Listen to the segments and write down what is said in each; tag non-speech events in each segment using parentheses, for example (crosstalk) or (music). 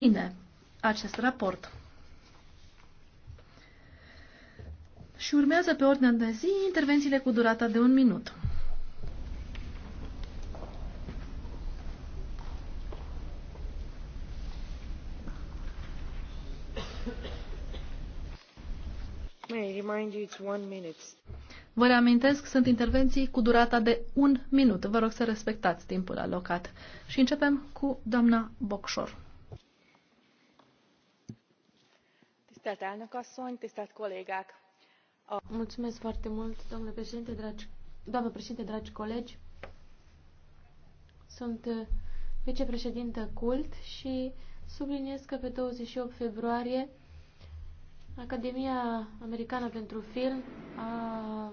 bine acest raport. Și urmează pe ordinea de zi intervențiile cu durata de un minut. Vă reamintesc, sunt intervenții cu durata de un minut. Vă rog să respectați timpul alocat. Și începem cu doamna Bocșor. Mulțumesc foarte mult, domnule președinte, dragi, doamnă președinte, dragi colegi. Sunt uh, vicepreședintă CULT și subliniez că pe 28 februarie Academia Americană pentru Film a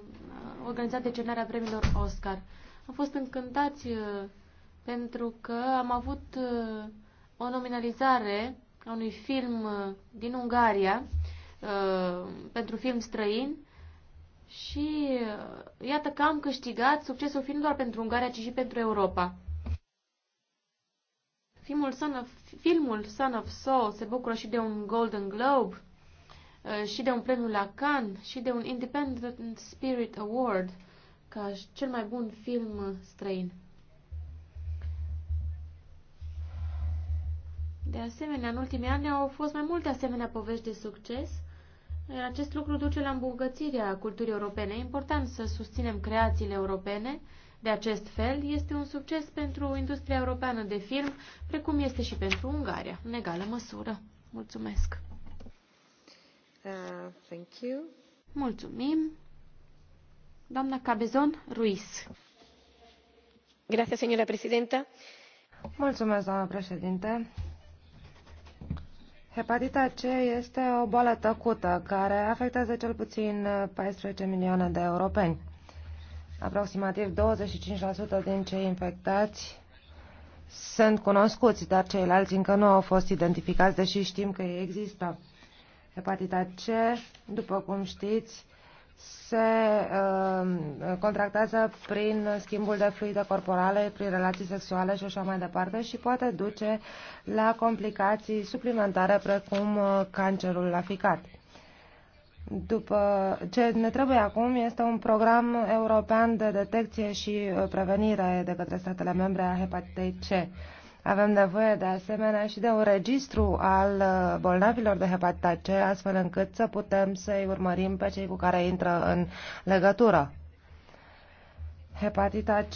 organizat decernarea premiilor Oscar. Am fost încântați uh, pentru că am avut uh, o nominalizare a unui film uh, din Ungaria uh, pentru film străin și uh, iată că am câștigat succesul fiind doar pentru Ungaria, ci și pentru Europa. Filmul Son of, filmul Son of Soul se bucură și de un Golden Globe, și de un premiu la Cannes, și de un Independent Spirit Award ca cel mai bun film străin. De asemenea, în ultimii ani au fost mai multe asemenea povești de succes, iar acest lucru duce la îmbogățirea culturii europene. E important să susținem creațiile europene. De acest fel, este un succes pentru industria europeană de film, precum este și pentru Ungaria, în egală măsură. Mulțumesc! Uh, thank you. Mulțumim! Doamna Cabezon Ruiz. Grazie, señora presidenta. Mulțumesc, doamna președinte. Hepatita C este o boală tăcută care afectează cel puțin 14 milioane de europeni. Aproximativ 25% din cei infectați sunt cunoscuți, dar ceilalți încă nu au fost identificați, deși știm că ei există. Hepatita C, după cum știți, se uh, contractează prin schimbul de fluide corporale, prin relații sexuale și așa mai departe și poate duce la complicații suplimentare precum uh, cancerul la ficat. După ce ne trebuie acum este un program european de detecție și uh, prevenire de către statele membre a hepatitei C avem nevoie de asemenea și de un registru al uh, bolnavilor de hepatita C, astfel încât să putem să-i urmărim pe cei cu care intră în legătură. Hepatita C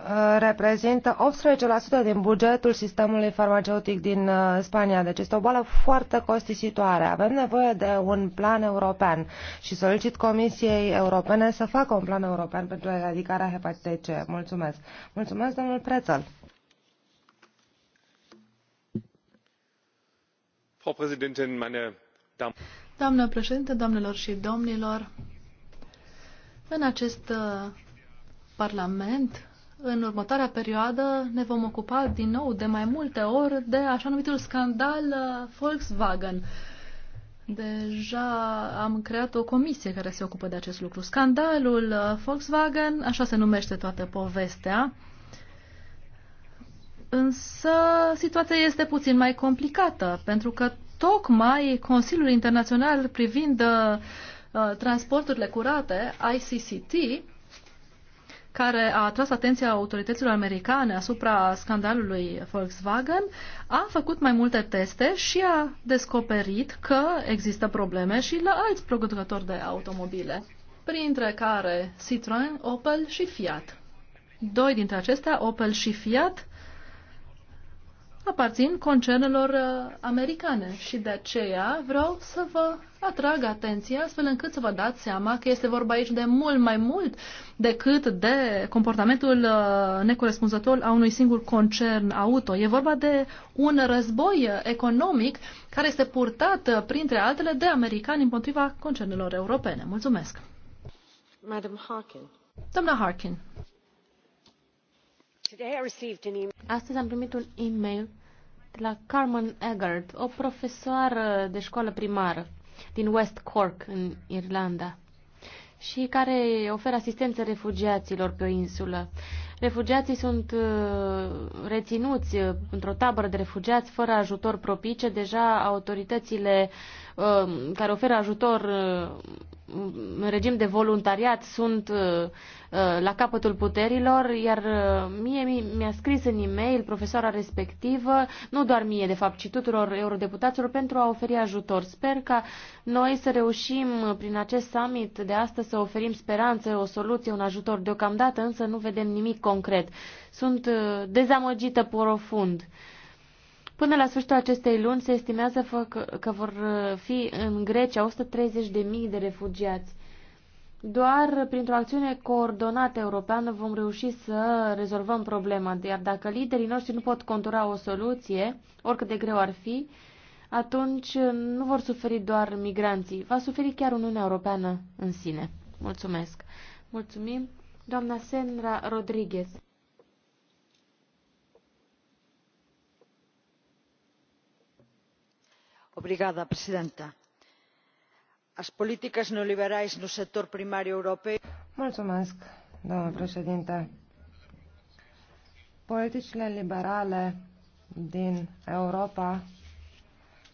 Uh, reprezintă 18% din bugetul sistemului farmaceutic din uh, Spania. Deci este o boală foarte costisitoare. Avem nevoie de un plan european și solicit Comisiei Europene să facă un plan european pentru eradicarea hepatitei C. Mulțumesc. Mulțumesc, domnul Prețăl. Doamnă președinte, doamnelor și domnilor, în acest uh, Parlament în următoarea perioadă ne vom ocupa din nou de mai multe ori de așa numitul scandal uh, Volkswagen. Deja am creat o comisie care se ocupă de acest lucru. Scandalul uh, Volkswagen, așa se numește toată povestea, însă situația este puțin mai complicată, pentru că tocmai Consiliul Internațional privind uh, uh transporturile curate, ICCT, care a atras atenția autorităților americane asupra scandalului Volkswagen, a făcut mai multe teste și a descoperit că există probleme și la alți producători de automobile, printre care Citroën, Opel și Fiat. Doi dintre acestea, Opel și Fiat, aparțin concernelor uh, americane și de aceea vreau să vă atrag atenția astfel încât să vă dați seama că este vorba aici de mult mai mult decât de comportamentul uh, necorespunzător a unui singur concern auto. E vorba de un război economic care este purtat, uh, printre altele, de americani împotriva concernelor europene. Mulțumesc! Madam Harkin. Doamna Harkin. Astăzi am primit un e-mail de la Carmen Eggert, o profesoară de școală primară din West Cork, în Irlanda, și care oferă asistență refugiaților pe o insulă. Refugiații sunt uh, reținuți uh, într-o tabără de refugiați fără ajutor propice. Deja autoritățile uh, care oferă ajutor în regim de voluntariat sunt uh, uh, la capătul puterilor, iar uh, mie mi-a scris în e-mail profesoara respectivă, nu doar mie de fapt, ci tuturor eurodeputaților, pentru a oferi ajutor. Sper ca noi să reușim prin acest summit de astăzi să oferim speranțe, o soluție, un ajutor. Deocamdată însă nu vedem nimic concret. Sunt dezamăgită profund. Până la sfârșitul acestei luni se estimează că vor uh, fi în Grecia 130.000 de refugiați. Doar printr-o acțiune coordonată europeană vom reuși să rezolvăm problema, iar dacă liderii noștri nu pot contura o soluție, oricât de greu ar fi, atunci nu vor suferi doar migranții, va suferi chiar Uniunea Europeană în sine. Mulțumesc! Mulțumim, doamna Senra Rodriguez. señora presidenta as políticas neoliberais no sector primario europei. doamnă președintă politicile liberale din europa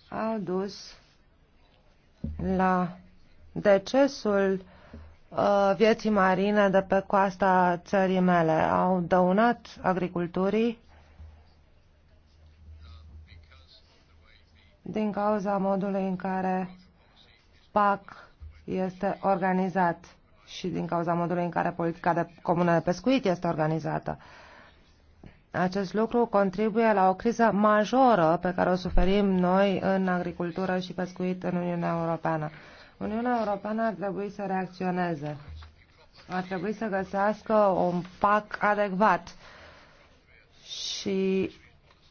au dus la decesul uh, vieții marine de pe coasta țării mele. Au dăunat agriculturii din cauza modului în care PAC este organizat și din cauza modului în care politica de comună de pescuit este organizată. Acest lucru contribuie la o criză majoră pe care o suferim noi în agricultură și pescuit în Uniunea Europeană. Uniunea Europeană ar trebui să reacționeze. Ar trebui să găsească un pac adecvat și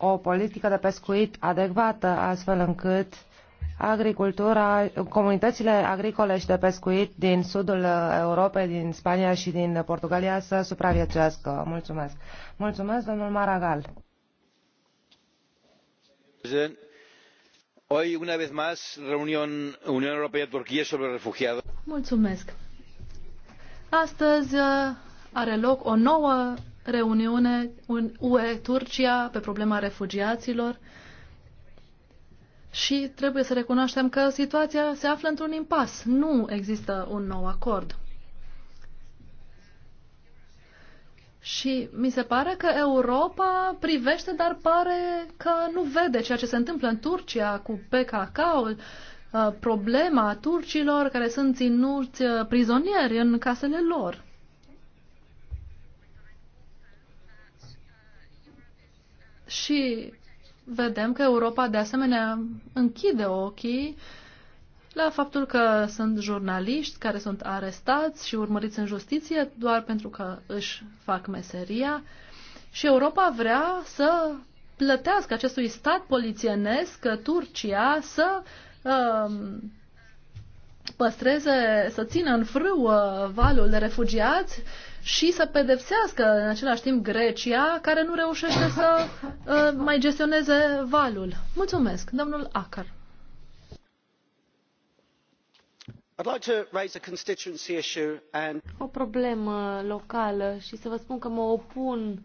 o politică de pescuit adecvată, astfel încât agricultura, comunitățile agricole și de pescuit din sudul Europei, din Spania și din Portugalia să supraviețuiască. Mulțumesc. Mulțumesc, domnul Maragal. Hoy, una vez más, reunión Unión Europea-Turquía sobre refugiados. Mulțumesc. Astăzi uh, are loc o nouă reuniune UE-Turcia pe problema refugiaților și trebuie să recunoaștem că situația se află într-un impas. Nu există un nou acord. Și mi se pare că Europa privește, dar pare că nu vede ceea ce se întâmplă în Turcia cu PKK-ul, uh, problema turcilor care sunt ținuți uh, prizonieri în casele lor. Și vedem că Europa, de asemenea, închide ochii la faptul că sunt jurnaliști care sunt arestați și urmăriți în justiție doar pentru că își fac meseria. Și Europa vrea să plătească acestui stat polițienesc, Turcia, să um, păstreze, să țină în frâu uh, valul de refugiați și să pedepsească în același timp Grecia, care nu reușește să uh, mai gestioneze valul. Mulțumesc, domnul Acar. O problemă locală și să vă spun că mă opun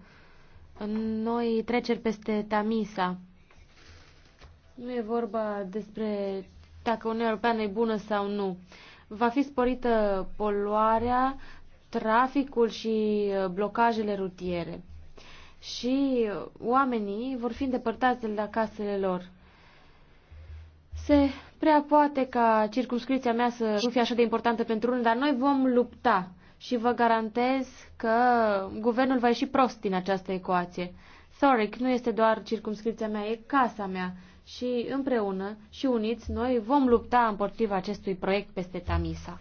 în noi treceri peste Tamisa. Nu e vorba despre dacă Uniunea Europeană e bună sau nu. Va fi sporită poluarea, traficul și uh, blocajele rutiere. Și uh, oamenii vor fi îndepărtați de la casele lor. Se prea poate ca circumscripția mea să nu fie așa de importantă pentru unul, dar noi vom lupta și vă garantez că guvernul va ieși prost din această ecuație. Sorry, nu este doar circumscripția mea, e casa mea și împreună și uniți noi vom lupta împotriva acestui proiect peste Tamisa.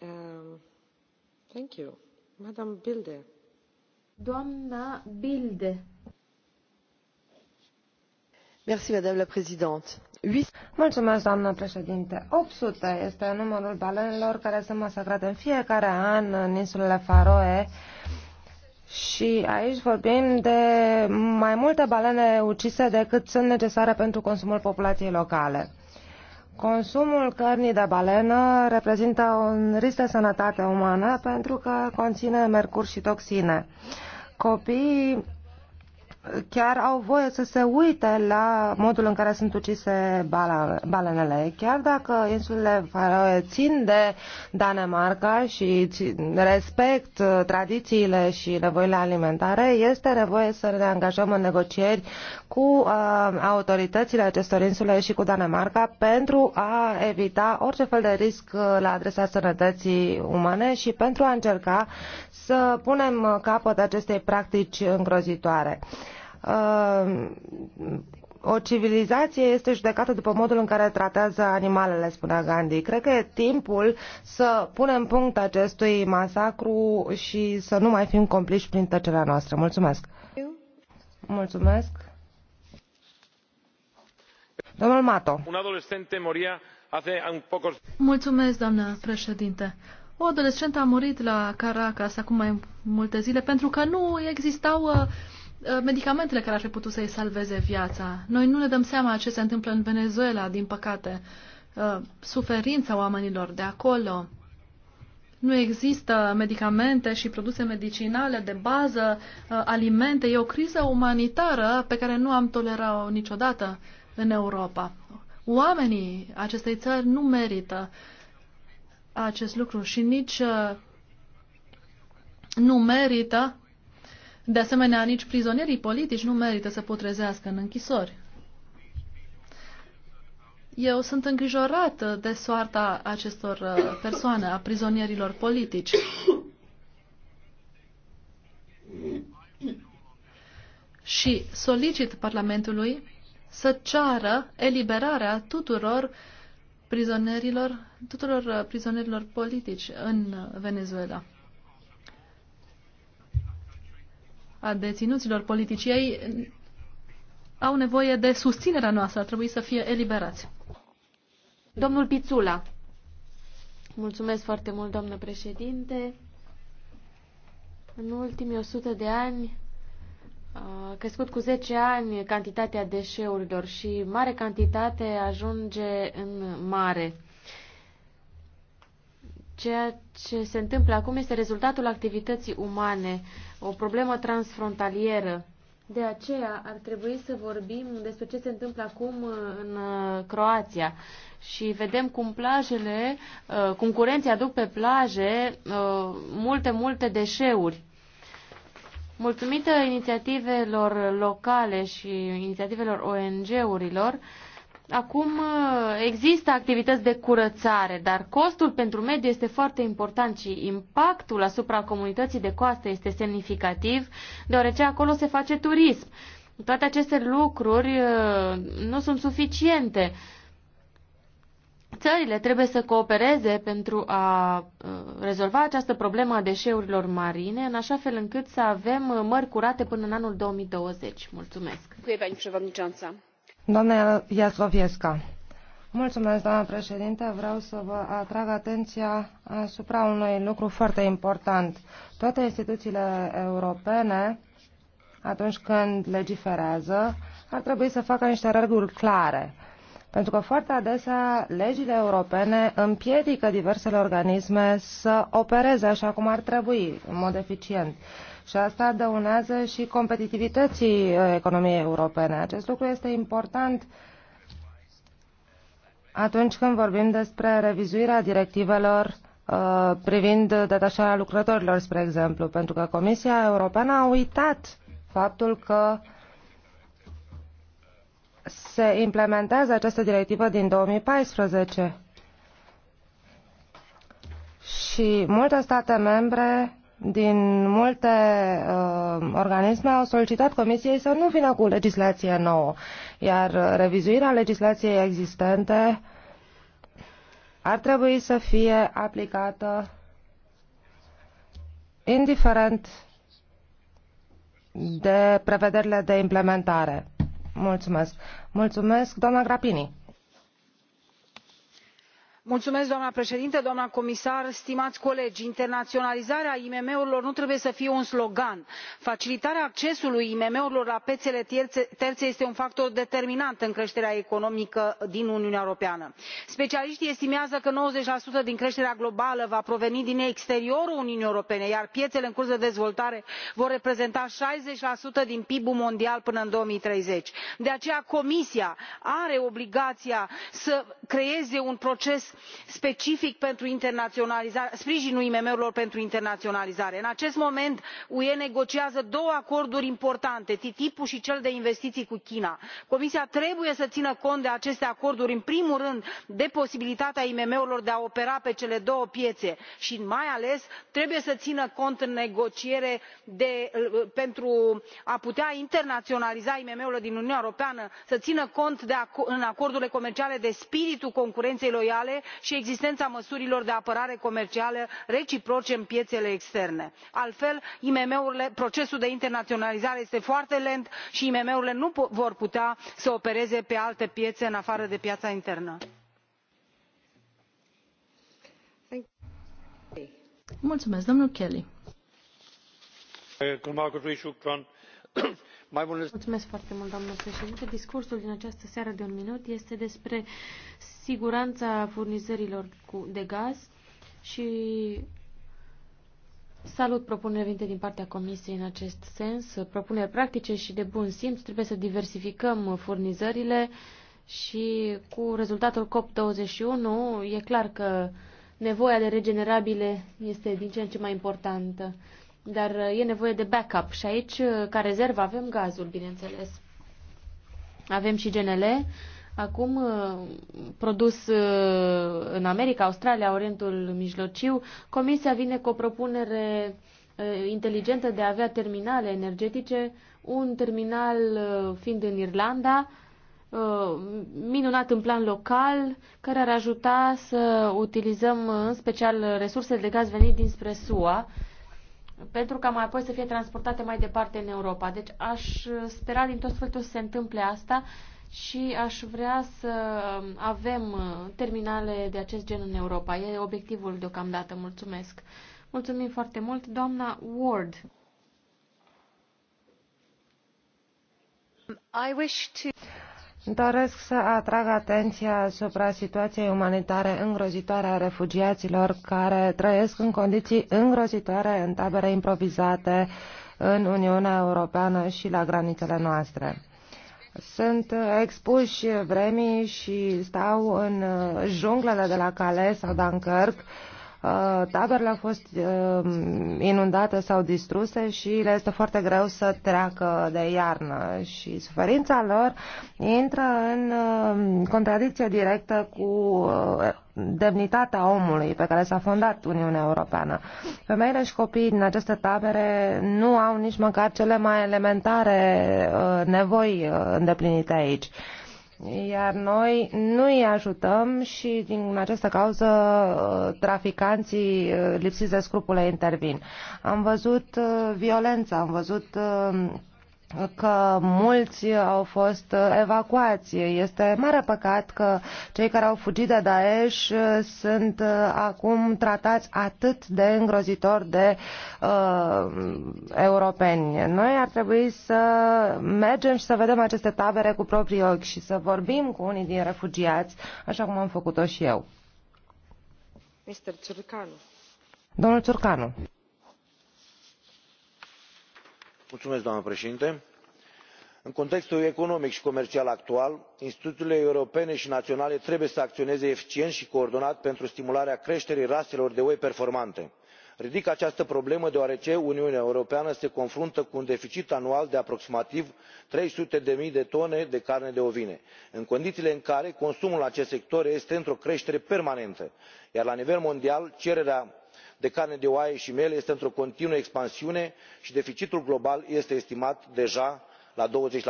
Um, thank you. Madam Bilde. Doamna Bilde. Merci, Madame la Présidente. Mulțumesc, doamnă președinte. 800 este numărul balenelor care sunt masacrate în fiecare an în insulele Faroe. Și aici vorbim de mai multe balene ucise decât sunt necesare pentru consumul populației locale. Consumul cărnii de balenă reprezintă un risc de sănătate umană pentru că conține mercur și toxine. Copiii chiar au voie să se uite la modul în care sunt ucise balenele. Chiar dacă insulele Faroe țin de Danemarca și respect uh, tradițiile și nevoile alimentare, este nevoie să ne angajăm în negocieri cu uh, autoritățile acestor insule și cu Danemarca pentru a evita orice fel de risc uh, la adresa sănătății umane și pentru a încerca să punem uh, capăt acestei practici îngrozitoare. Uh, Uh, o civilizație este judecată după modul în care tratează animalele, spunea Gandhi. Cred că e timpul să punem punct acestui masacru și să nu mai fim compliși prin tăcerea noastră. Mulțumesc! Mulțumesc! Domnul Mato. Un adolescent moria hace un poco... Mulțumesc, doamnă președinte. O adolescentă a murit la Caracas acum mai multe zile pentru că nu existau uh, Eh, medicamentele care ar fi putut să-i salveze viața. Noi nu ne dăm seama ce se întâmplă în Venezuela, din păcate. Eh, suferința oamenilor de acolo. Nu există medicamente și produse medicinale de bază, eh, alimente. E o criză umanitară pe care nu am tolerat-o niciodată în Europa. Oamenii acestei țări nu merită acest lucru și nici nu merită de asemenea, nici prizonierii politici nu merită să putrezească în închisori. Eu sunt îngrijorată de soarta acestor uh, persoane, a prizonierilor politici. Și solicit Parlamentului să ceară eliberarea tuturor prizonierilor, tuturor uh, prizonierilor politici în Venezuela. a deținuților politici. Ei au nevoie de susținerea noastră, ar trebui să fie eliberați. Domnul Pițula. Mulțumesc foarte mult, domnul președinte. În ultimii 100 de ani a crescut cu 10 ani cantitatea deșeurilor și mare cantitate ajunge în mare. Ceea ce se întâmplă acum este rezultatul activității umane, o problemă transfrontalieră. De aceea ar trebui să vorbim despre ce se întâmplă acum în uh, Croația și vedem cum plajele, uh, concurenții aduc pe plaje uh, multe, multe deșeuri. Mulțumită inițiativelor locale și inițiativelor ONG-urilor, Acum uh, există activități de curățare, dar costul pentru mediu este foarte important și impactul asupra comunității de coastă este semnificativ, deoarece acolo se face turism. Toate aceste lucruri uh, nu sunt suficiente. Țările trebuie să coopereze pentru a uh, rezolva această problemă a deșeurilor marine, în așa fel încât să avem mări curate până în anul 2020. Mulțumesc! Mulțumesc, Doamna Iasloviesca. Mulțumesc, doamna președinte. Vreau să vă atrag atenția asupra unui lucru foarte important. Toate instituțiile europene, atunci când legiferează, ar trebui să facă niște reguli clare. Pentru că foarte adesea legile europene împiedică diversele organisme să opereze așa cum ar trebui, în mod eficient. Și asta dăunează și competitivității uh, economiei europene. Acest lucru este important atunci când vorbim despre revizuirea directivelor uh, privind detașarea lucrătorilor, spre exemplu, pentru că Comisia Europeană a uitat faptul că se implementează această directivă din 2014 și multe state membre din multe uh, organisme au solicitat Comisiei să nu vină cu legislație nouă, iar revizuirea legislației existente ar trebui să fie aplicată indiferent de prevederile de implementare. Mulțumesc. Mulțumesc, doamna Grapini doamnă președintă doamnă comisar stimați colegi internaționalizarea imm urilor nu trebuie să fie un slogan facilitarea accesului imm urilor la piețele terțe este un factor determinant în creșterea economică din uniunea europeană. specialiștii estimează că nouăzeci din creșterea globală va proveni din exteriorul uniunii europene iar piețele în curs de dezvoltare vor reprezenta șaizeci din pib ul mondial până în. două mii treizeci de aceea comisia are obligația să creeze un proces specific pentru sprijinul imm urilor pentru internaționalizare. în acest moment ue negociază două acorduri importante ttip ul și cel de investiții cu china. comisia trebuie să țină cont de aceste acorduri în primul rând de posibilitatea imm urilor de a opera pe cele două piețe și mai ales trebuie să țină cont în negociere pentru a putea internaționaliza imm urile din uniunea europeană să țină cont în acordurile comerciale de spiritul concurenței loiale și existența măsurilor de apărare comercială reciproce în piețele externe altfel procesul de internaționalizare este foarte lent și imm urile nu vor putea să opereze pe alte piețe în afară de piața internă. Mulțumesc, domnul Kelly. Eh, Mulțumesc foarte mult, doamnă președinte. Discursul din această seară de un minut este despre siguranța furnizărilor cu, de gaz și Salut propunerile vinte din partea Comisiei în acest sens, propuneri practice și de bun simț. Trebuie să diversificăm furnizările și cu rezultatul COP21 e clar că nevoia de regenerabile este din ce în ce mai importantă dar uh, e nevoie de backup și aici, uh, ca rezervă, avem gazul, bineînțeles. Avem și GNL, acum uh, produs în America, Australia, Orientul Mijlociu. Comisia vine cu o propunere inteligentă de a avea terminale energetice, un terminal fiind în Irlanda, minunat în plan local, care ar ajuta să utilizăm în special resursele de gaz venit dinspre SUA, pentru ca mai apoi să fie transportate mai departe în Europa. Deci aș spera din tot sfârșitul să se întâmple asta și aș vrea să avem terminale de acest gen în Europa. E obiectivul deocamdată. Mulțumesc. Mulțumim foarte mult, doamna Ward. I wish to... Doresc să atrag atenția asupra situației umanitare îngrozitoare a refugiaților care trăiesc în condiții îngrozitoare în tabere improvizate în Uniunea Europeană și la granițele noastre. Sunt expuși vremii și stau în junglele de la Calais sau Dunkirk, Uh, taberele au fost uh, inundate sau distruse și le este foarte greu să treacă de iarnă și suferința lor intră în uh, contradicție directă cu demnitatea omului pe care s-a fondat Uniunea Europeană. Femeile și copiii din aceste tabere nu au nici măcar cele mai elementare nevoi îndeplinite aici. Iar noi nu îi ajutăm și din această cauză uh, traficanții uh, lipsiți de scrupule intervin. Am văzut uh, violența, am văzut că mulți au fost evacuați. Este mare păcat că cei care au fugit de Daesh sunt acum tratați atât de îngrozitor de uh, europeni. Noi ar trebui să mergem și să vedem aceste tabere cu proprii ochi și să vorbim cu unii din refugiați, așa cum am făcut-o și eu. Mr. Ciurcanu. Domnul Ciurcanu doamnă președintă în contextul economic și comercial actual instituțiile europene și naționale trebuie să acționeze eficient și coordonat pentru stimularea creșterii raselor de oi performante. ridic această problemă deoarece uniunea europeană se confruntă cu un deficit anual de aproximativ trei sute zero de tone de carne de ovine în condițiile în care consumul în acest sector este într o creștere permanentă iar la nivel mondial cererea de carne de oaie și miere este într o continuă expansiune și deficitul global este estimat deja la. douăzeci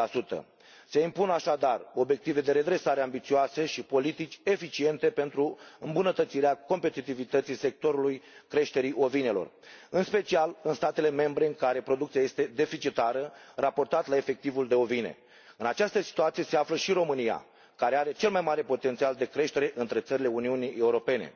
se impun așadar obiective de redresare ambițioase și politici eficiente pentru îmbunătățirea competitivității sectorului creșterii ovinelor în special în statele membre în care producția este deficitară raportat la efectivul de ovine. în această situație se află și românia care are cel mai mare potențial de creștere între țările uniunii europene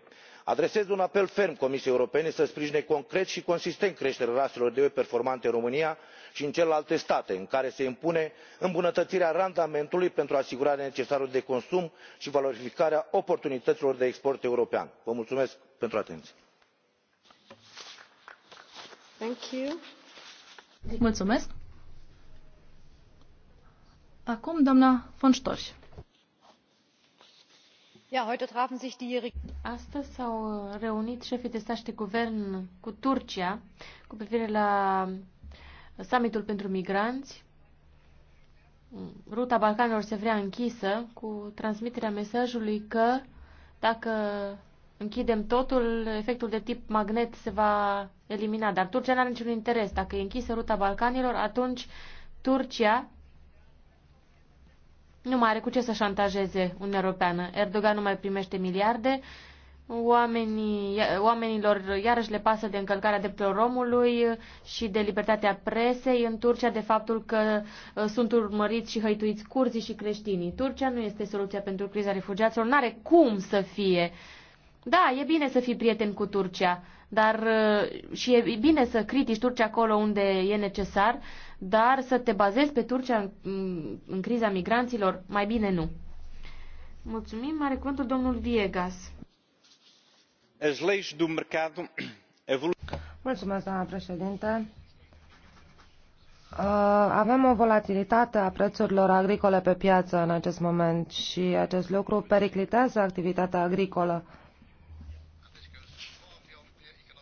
adresez un apel ferm comisiei europene să sprijine concret și consistent creșterea raselor de oi performante în românia și în celelalte state în care se impune îmbunătățirea randamentului pentru asigurarea necesarului de consum și valorificarea oportunităților de export european. vă mulțumesc pentru atenție. Mulțumesc. Acum doamna von Storch. Astăzi s-au uh, reunit șefii de stat și de guvern cu Turcia cu privire la uh, summitul pentru migranți. Ruta Balcanilor se vrea închisă cu transmiterea mesajului că dacă închidem totul, efectul de tip magnet se va elimina. Dar Turcia nu are niciun interes. Dacă e închisă ruta Balcanilor, atunci Turcia nu mai are cu ce să șantajeze Uniunea Europeană. Erdogan nu mai primește miliarde, oamenii, oamenilor iarăși le pasă de încălcarea drepturilor omului și de libertatea presei în Turcia, de faptul că uh, sunt urmăriți și hăituiți curzii și creștinii. Turcia nu este soluția pentru criza refugiaților, nu are cum să fie. Da, e bine să fii prieten cu Turcia, dar uh, și e bine să critici Turcia acolo unde e necesar, dar să te bazezi pe Turcia în, în, criza migranților, mai bine nu. Mulțumim, mare cuvântul domnul Viegas. Mulțumesc, doamna președinte. Uh, avem o volatilitate a prețurilor agricole pe piață în acest moment și acest lucru periclitează activitatea agricolă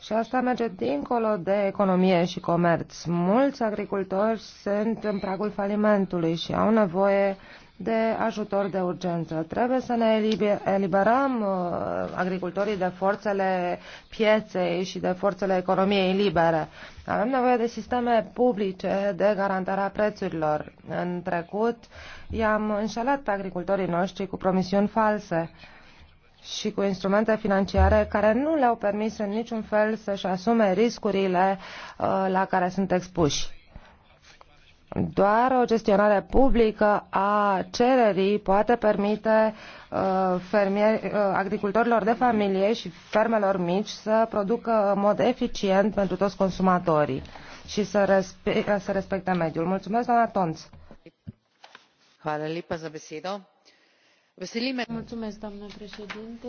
și asta merge dincolo de economie și comerț. Mulți agricultori sunt în pragul falimentului și au nevoie de ajutor de urgență. Trebuie să ne eliberăm uh, agricultorii de forțele pieței și de forțele economiei libere. Avem nevoie de sisteme publice de garantarea prețurilor. În trecut i-am înșelat pe agricultorii noștri cu promisiuni false și cu instrumente financiare care nu le-au permis în niciun fel să-și asume riscurile uh, la care sunt expuși. Doar o gestionare publică a cererii poate permite uh, uh, agricultorilor de familie și fermelor mici să producă în mod eficient pentru toți consumatorii și să, respe- să respecte mediul. Mulțumesc, doamna Tonț. Mulțumesc, președinte.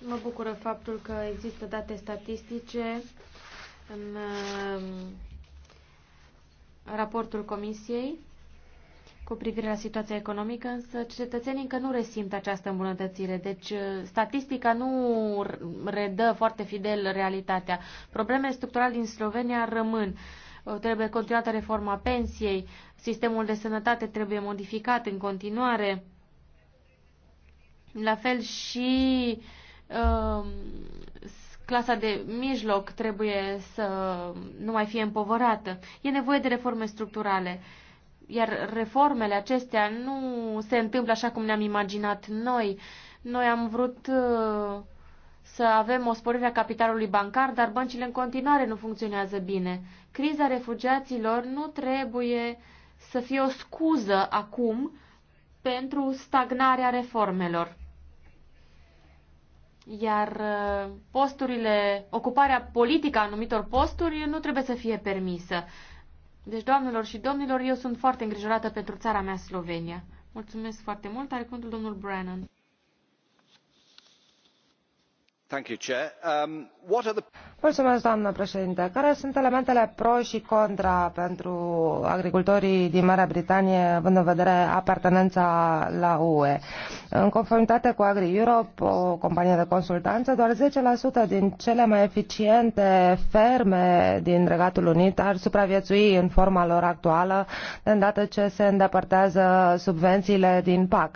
Mă bucură faptul că există date statistice în uh, raportul Comisiei cu privire la situația economică, însă cetățenii încă nu resimt această îmbunătățire. Deci, uh, statistica nu redă foarte fidel realitatea. Problemele structurale din Slovenia rămân trebuie continuată reforma pensiei, sistemul de sănătate trebuie modificat în continuare. La fel și uh, clasa de mijloc trebuie să nu mai fie împovărată. E nevoie de reforme structurale. Iar reformele acestea nu se întâmplă așa cum ne-am imaginat noi. Noi am vrut uh, să avem o sporire a capitalului bancar, dar băncile în continuare nu funcționează bine. Criza refugiaților nu trebuie să fie o scuză acum pentru stagnarea reformelor. Iar uh, posturile, ocuparea politică a anumitor posturi nu trebuie să fie permisă. Deci, doamnelor și domnilor, eu sunt foarte îngrijorată pentru țara mea, Slovenia. Mulțumesc foarte mult. Are cuvântul domnul Brennan. Um, doamnă președintă care sunt elementele pro și contra pentru agricultorii din marea britanie având în vedere apartenența la ue? în conformitate cu agri europe o companie de consultanță doar zece din cele mai eficiente ferme din regatul unit ar supraviețui în forma lor actuală de îndată ce se îndepărtează subvențiile din pac.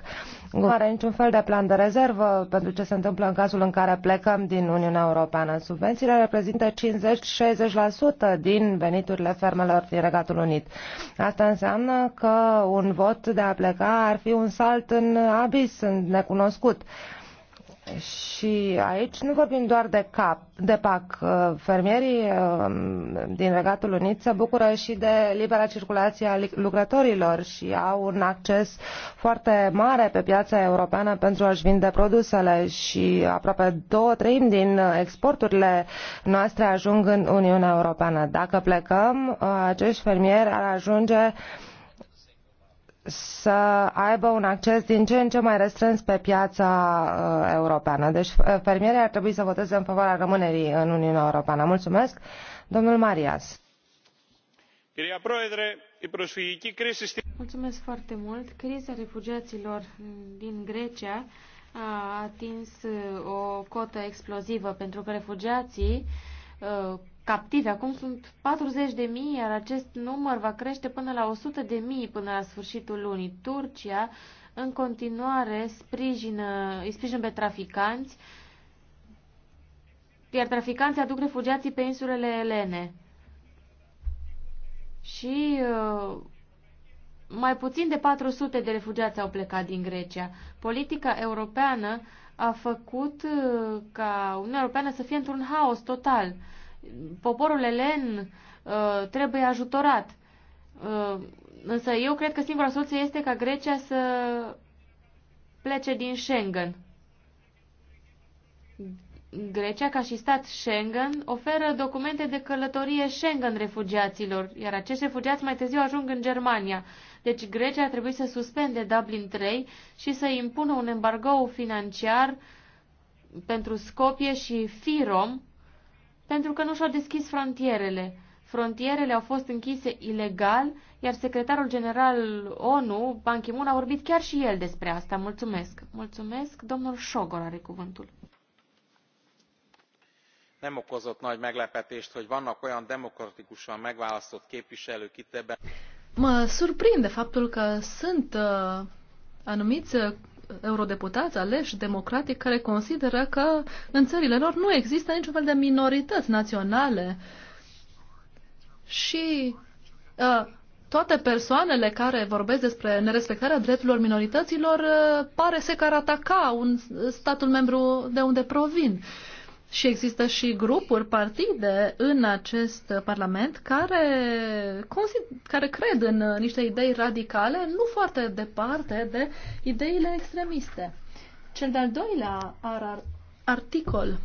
Nu are niciun fel de plan de rezervă pentru ce se întâmplă în cazul în care plecăm din Uniunea Europeană. Subvențiile reprezintă 50-60% din veniturile fermelor din Regatul Unit. Asta înseamnă că un vot de a pleca ar fi un salt în abis, în necunoscut. Și aici nu vorbim doar de cap, de PAC. Uh, fermierii uh, din Regatul Unit se bucură și de libera circulație a lucrătorilor și au un acces foarte mare pe piața europeană pentru a-și vinde produsele și aproape două treimi din exporturile noastre ajung în Uniunea Europeană. Dacă plecăm, uh, acești fermieri ar ajunge uh, să aibă un acces din ce în ce mai restrâns pe piața uh, europeană. Deci uh, fermierii ar trebui să voteze în favoarea rămânerii în Uniunea Europeană. Mulțumesc. Domnul Marias. Mulțumesc foarte mult. Criza refugiaților din Grecia a atins uh, o cotă explozivă pentru că refugiații uh, Captive acum sunt 40 de mii, iar acest număr va crește până la 100 de mii până la sfârșitul lunii. Turcia în continuare sprijină, îi sprijină pe traficanți, iar traficanții aduc refugiații pe insulele Elene. Și uh, mai puțin de 400 de refugiați au plecat din Grecia. Politica europeană a făcut uh, ca Uniunea Europeană să fie într-un haos total. Uh, Poporul elen uh, trebuie ajutorat. Uh, însă eu cred că singura soluție este ca Grecia să plece din Schengen. Grecia, ca și stat Schengen, oferă documente de călătorie Schengen refugiaților, iar acești refugiați mai târziu ajung în Germania. Deci Grecia ar trebui să suspende Dublin 3 și să impună un embargo financiar pentru Scopie și Firom, pentru că nu și-au deschis frontierele. Frontierele au fost închise ilegal, iar secretarul general ONU, Ban Ki-moon, a vorbit chiar și el despre asta. Mulțumesc. Mulțumesc. Domnul Șogor are cuvântul. Nem okozott nagy meglepetést, hogy vannak olyan demokratikusan megválasztott képviselők itt ebben. Mă surprinde faptul că sunt uh, anumiți eurodeputați aleși democratic care consideră că în țările lor nu există niciun fel de minorități naționale și uh, toate persoanele care vorbesc despre nerespectarea drepturilor minorităților uh, pare se că ar ataca un statul membru de unde provin. Uh, și există și grupuri, partide în acest Parlament care, care cred în uh, niște idei radicale, nu foarte departe de ideile extremiste. Cel de-al doilea ar articol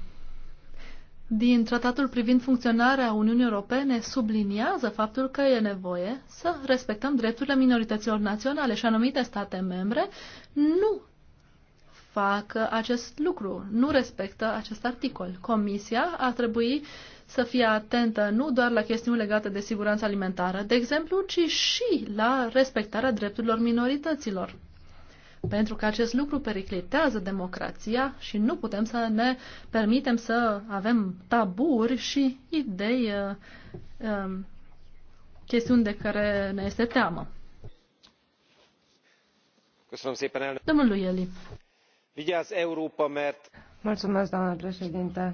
din Tratatul privind funcționarea Uniunii Europene subliniază faptul că e nevoie să respectăm drepturile minorităților naționale și anumite state membre nu facă acest lucru, nu respectă acest articol. Comisia ar trebui să fie atentă nu doar la chestiuni legate de siguranță alimentară, de exemplu, ci și la respectarea drepturilor minorităților. Pentru că acest lucru periclitează democrația și nu putem să ne permitem să avem taburi și idei, uh, um, chestiuni de care ne este teamă. Domnul Eli președinte.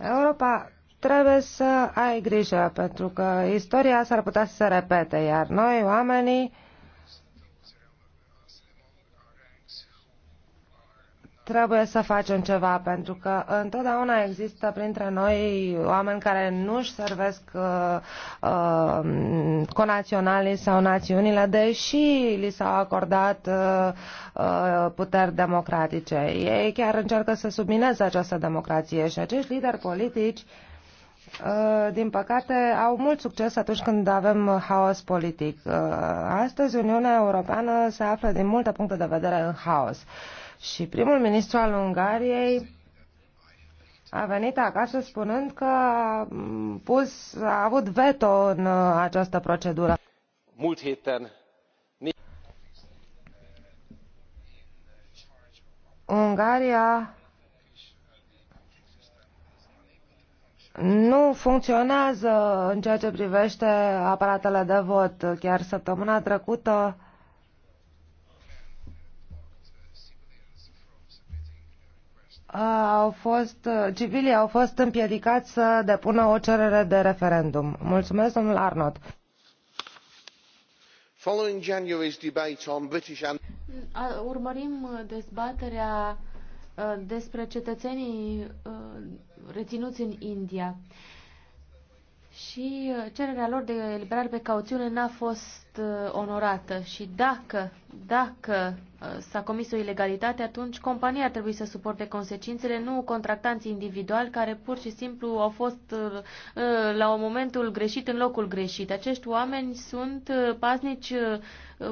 Europa trebuie să ai grijă, pentru că istoria s-ar putea să se repete, iar noi, oamenii, trebuie să facem ceva, pentru că întotdeauna există printre noi oameni care nu își servesc uh, uh, conaționalii sau națiunile, deși li s-au acordat uh, uh, puteri democratice. Ei chiar încearcă să submineze această democrație și acești lideri politici uh, din păcate, au mult succes atunci când avem haos politic. Uh, astăzi, Uniunea Europeană se află din multe puncte de vedere în haos. Și primul ministru al Ungariei a venit acasă spunând că a, pus, a avut veto în uh, această procedură. Mult heten. Ungaria nu funcționează în ceea ce privește aparatele de vot. Chiar săptămâna trecută au fost, civilii au fost împiedicați să depună o cerere de referendum. Mulțumesc, domnul Arnott. Urmărim uh, dezbaterea uh, despre cetățenii uh, reținuți în India și cererea lor de eliberare pe cauțiune n-a fost onorată și dacă dacă uh, s-a comis o ilegalitate, atunci compania ar trebui să suporte consecințele, nu contractanții individuali care pur și simplu au fost uh, uh, la un momentul greșit în locul greșit. Acești oameni sunt paznici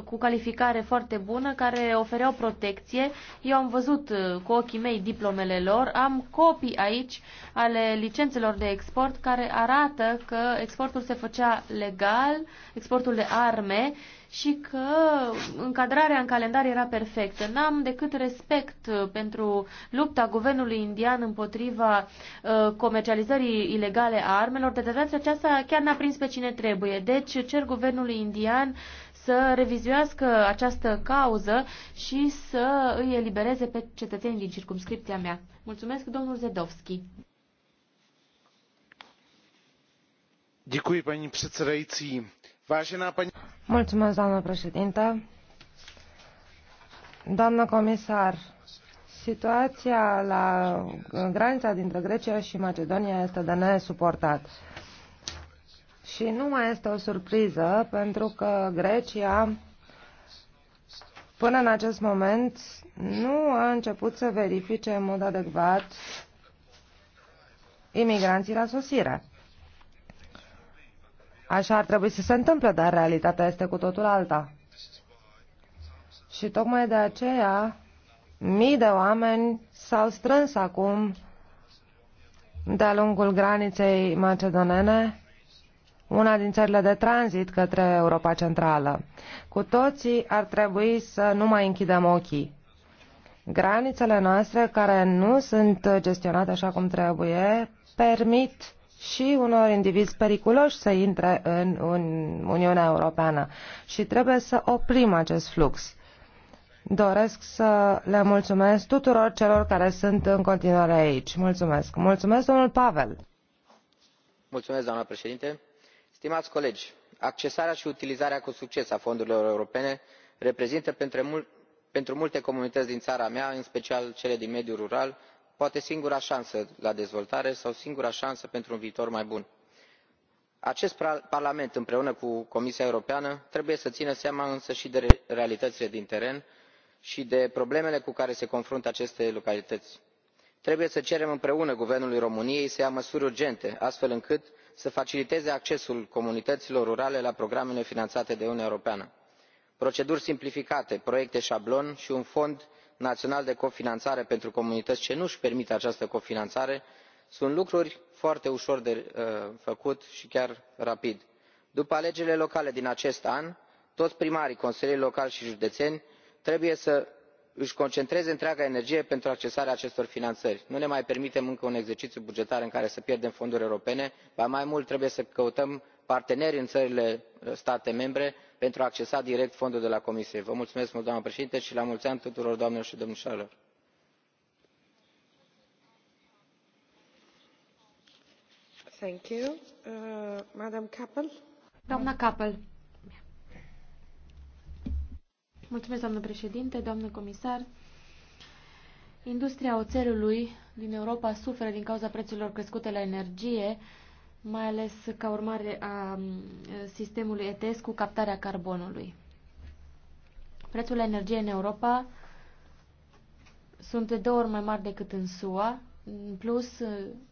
cu calificare foarte bună, care ofereau protecție. Eu am văzut cu ochii mei diplomele lor, am copii aici ale licențelor de export care arată că exportul se făcea legal, exportul de arme și că încadrarea în calendar era perfectă. N-am decât respect uh, pentru lupta guvernului indian împotriva uh, comercializării ilegale a armelor. De data aceasta chiar n-a prins pe cine trebuie. Deci cer guvernului indian să revizuiască această cauză și să îi elibereze pe cetățenii din circumscripția mea. Mulțumesc, domnul Zedovski. Děkuji, paní předsedající doamnă președintă. Doamnă comisar, situația la granița dintre Grecia și Macedonia este de nesuportat. Și nu mai este o surpriză, pentru că Grecia până în acest moment nu a început să verifice în mod adecvat imigranții la sosire. Așa ar trebui să se întâmple, dar realitatea este cu totul alta. Și tocmai de aceea, mii de oameni s-au strâns acum de-a lungul graniței macedonene, una din țările de tranzit către Europa Centrală. Cu toții ar trebui să nu mai închidem ochii. Granițele noastre, care nu sunt gestionate așa cum trebuie, permit și unor indivizi periculoși să intre în Uniunea Europeană și trebuie să oprim acest flux. Doresc să le mulțumesc tuturor celor care sunt în continuare aici. Mulțumesc. Mulțumesc, domnul Pavel. Mulțumesc, doamna președinte. Stimați colegi, accesarea și utilizarea cu succes a fondurilor europene reprezintă pentru, pentru multe comunități din țara mea, în special cele din mediul rural, poate singura șansă la dezvoltare sau singura șansă pentru un viitor mai bun. acest parlament împreună cu comisia europeană trebuie să țină seama însă și de realitățile din teren și de problemele cu care se confruntă aceste localități. trebuie să cerem împreună guvernului româniei să ia măsuri urgente astfel încât să faciliteze accesul comunităților rurale la programele finanțate de uniunea europeană. proceduri simplificate proiecte șablon și un fond național de cofinanțare pentru comunități ce nu își permit această cofinanțare sunt lucruri foarte ușor de uh, făcut și chiar rapid. după alegerile locale din acest an toți primarii consilierii locali și județeni trebuie să își concentreze întreaga energie pentru accesarea acestor finanțări. nu ne mai permitem încă un exercițiu bugetar în care să pierdem fonduri europene ba mai mult trebuie să căutăm parteneri în țările uh, state membre pentru a accesa direct fondul de la comisie. vă mulțumesc mult doamnă președintă și la mulți ani tuturor doamnelor și domnișoarelor! Uh, doamnă Mulțumesc, doamnă Președinte, doamnă comisar industria oțelului din europa suferă din cauza prețurilor crescute la energie și mai ales ca urmare a mm, sistemului ETS cu captarea carbonului. Prețul energiei în Europa sunt de două ori mai mari decât în SUA. În plus,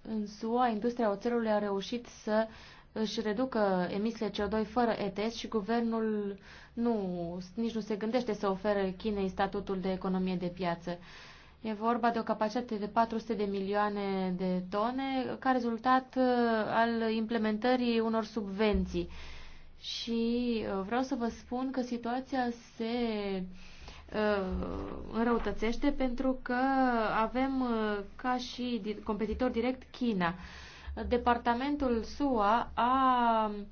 în SUA, industria oțelului a reușit să își reducă emisiile CO2 fără ETS și guvernul nu, nici nu se gândește să ofere Chinei statutul de economie de piață. E vorba de o capacitate de 400 de milioane de tone ca rezultat uh, al implementării unor subvenții. Și uh, vreau să vă spun că situația se uh, înrăutățește pentru că avem ca și competitor direct China. Departamentul SUA a uh,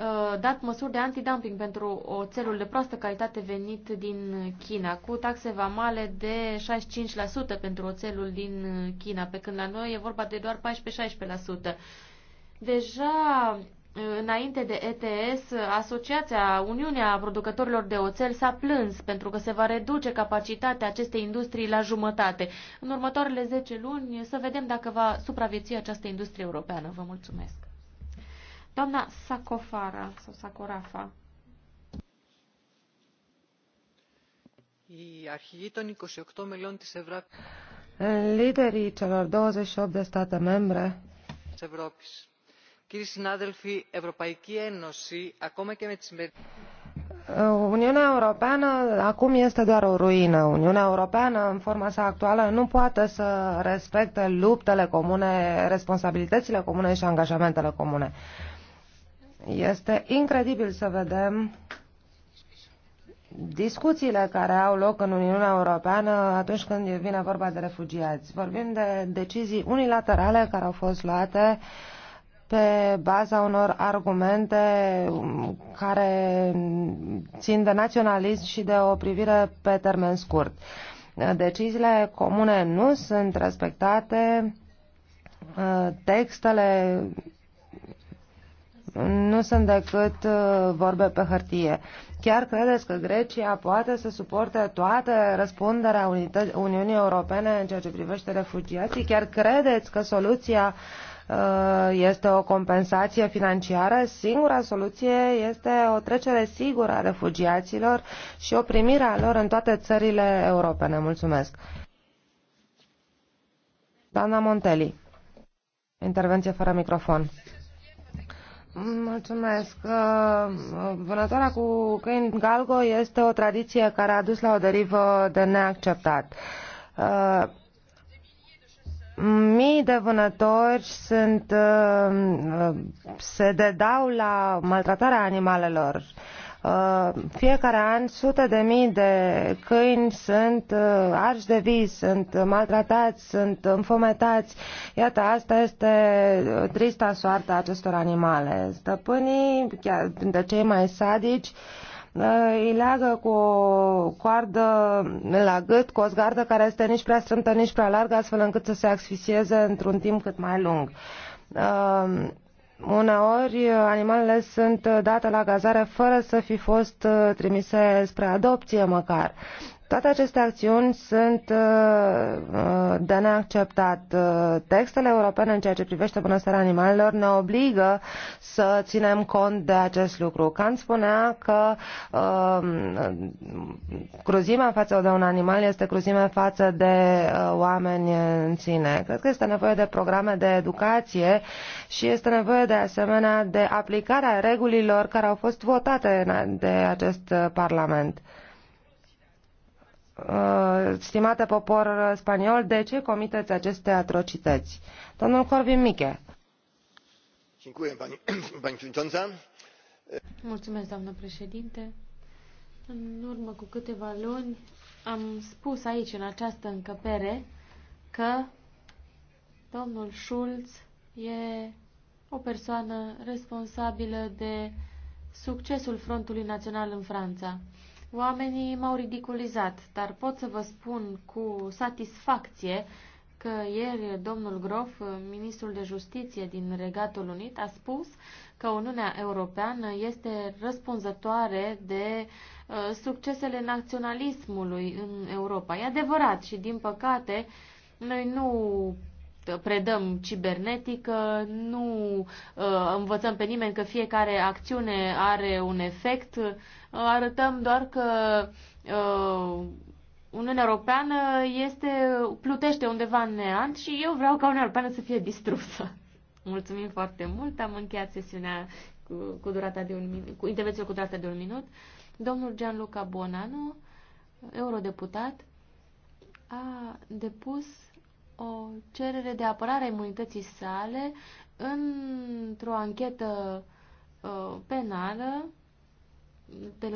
Uh, dat măsuri de antidumping pentru oțelul de proastă calitate venit din China, cu taxe vamale de 65% pentru oțelul din China, pe când la noi e vorba de doar 14-16%. Deja uh, înainte de ETS, Asociația Uniunea Producătorilor de Oțel s-a plâns pentru că se va reduce capacitatea acestei industrii la jumătate. În următoarele 10 luni să vedem dacă va supraviețui această industrie europeană. Vă mulțumesc! Doamna Sacofara sau Sacorafa. Liderii celor 28 de state membre uniunea europeană acum este doar o ruină. uniunea europeană în forma sa actuală nu poate să respecte luptele comune responsabilitățile comune și angajamentele comune. Este incredibil să vedem discuțiile care au loc în Uniunea Europeană atunci când vine vorba de refugiați. Vorbim de decizii unilaterale care au fost luate pe baza unor argumente care țin de naționalism și de o privire pe termen scurt. Deciziile comune nu sunt respectate, textele nu sunt decât uh, vorbe pe hârtie. Chiar credeți că Grecia poate să suporte toată răspunderea Uniunii Europene în ceea ce privește refugiații? Chiar credeți că soluția uh, este o compensație financiară. Singura soluție este o trecere sigură a refugiaților și o primire a lor în toate țările europene. Mulțumesc. Doamna Monteli, intervenție fără microfon. Mulțumesc. Uh, vânătoarea cu câini galgo este o tradiție care a dus la o derivă de neacceptat. Uh, mii de vânători sunt, uh, se dedau la maltratarea animalelor Uh, fiecare an sute de mii de câini sunt uh, arși de vis, sunt maltratați, sunt înfometați. Iată, asta este uh, trista soarta acestor animale. Stăpânii, chiar de cei mai sadici, îi leagă cu o coardă la gât, cu o zgardă care este nici prea strântă, nici prea largă, astfel încât să se asfixieze într-un timp cât mai lung Uneori, uh, animalele sunt uh, date la gazare fără să fi fost uh, trimise spre adopție măcar. Toate aceste acțiuni sunt uh, uh, de neacceptat. Uh, textele europene în ceea ce privește bunăstarea animalelor ne obligă să ținem cont de acest lucru. Kant spunea că cruzimea față de un animal este cruzimea față de oameni în sine. Cred că este nevoie de programe de educație și este nevoie de asemenea de aplicarea regulilor care au fost votate de acest Parlament. Uh, stimate popor spaniol, de ce comiteți aceste atrocități? Domnul Corvin Miche. (clears throat) Mulțumesc, doamnă președinte. În urmă cu câteva luni am spus aici, în această încăpere, că domnul Schulz e o persoană responsabilă de succesul Frontului Național în Franța. Oamenii m-au ridiculizat, dar pot să vă spun cu satisfacție că ieri domnul Grof, ministrul de justiție din Regatul Unit, a spus că Uniunea Europeană este răspunzătoare de uh, succesele naționalismului în Europa. E adevărat și, din păcate, noi nu predăm cibernetică, nu uh, învățăm pe nimeni că fiecare acțiune are un efect arătăm doar că uh, Uniunea Europeană este, plutește undeva în neant și eu vreau ca Uniunea Europeană să fie distrusă. (laughs) Mulțumim foarte mult, am încheiat sesiunea cu, cu, durata de un minut, cu intervenția cu durata de un minut. Domnul Gianluca Bonanu, eurodeputat, a depus o cerere de apărare a imunității sale într-o anchetă uh, penală de